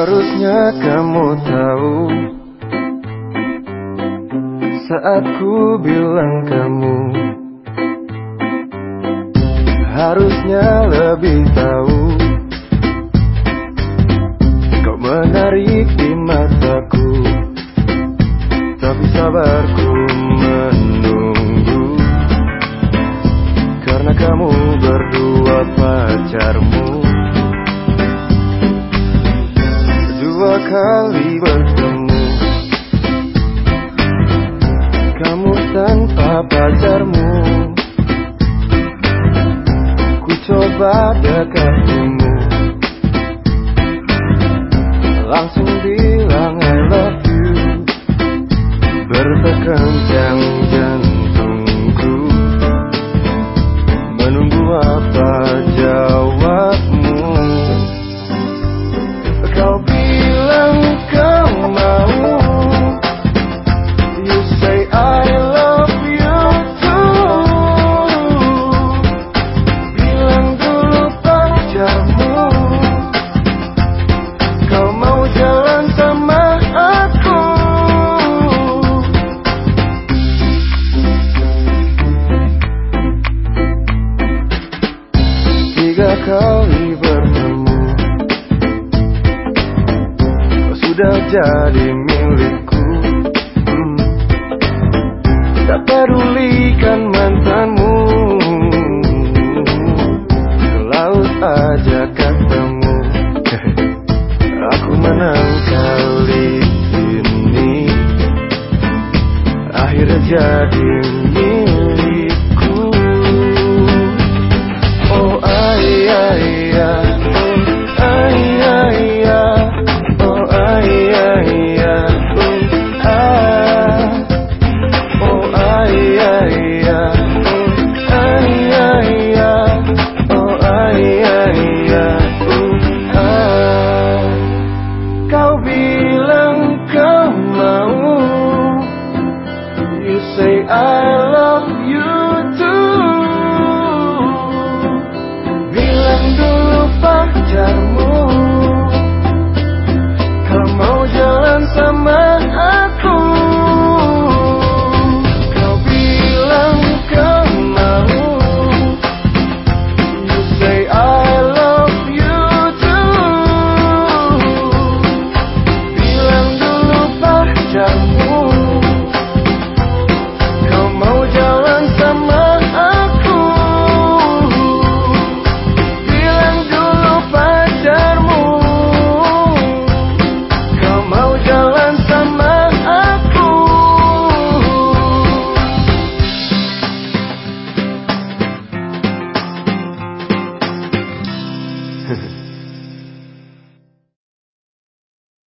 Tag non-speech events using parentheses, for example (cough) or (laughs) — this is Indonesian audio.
Harusnya kamu tahu Saat ku bilang kamu Harusnya lebih tahu Kau menarik di mataku Tapi sabarku menunggu Karena kamu berdua pas coba dekatimu Langsung bilang I love you Bertekan sudah jadi milikku hmm. Tak pedulikan mantanmu Ke laut aja ketemu (laughs) Aku menang kali ini Akhirnya jadi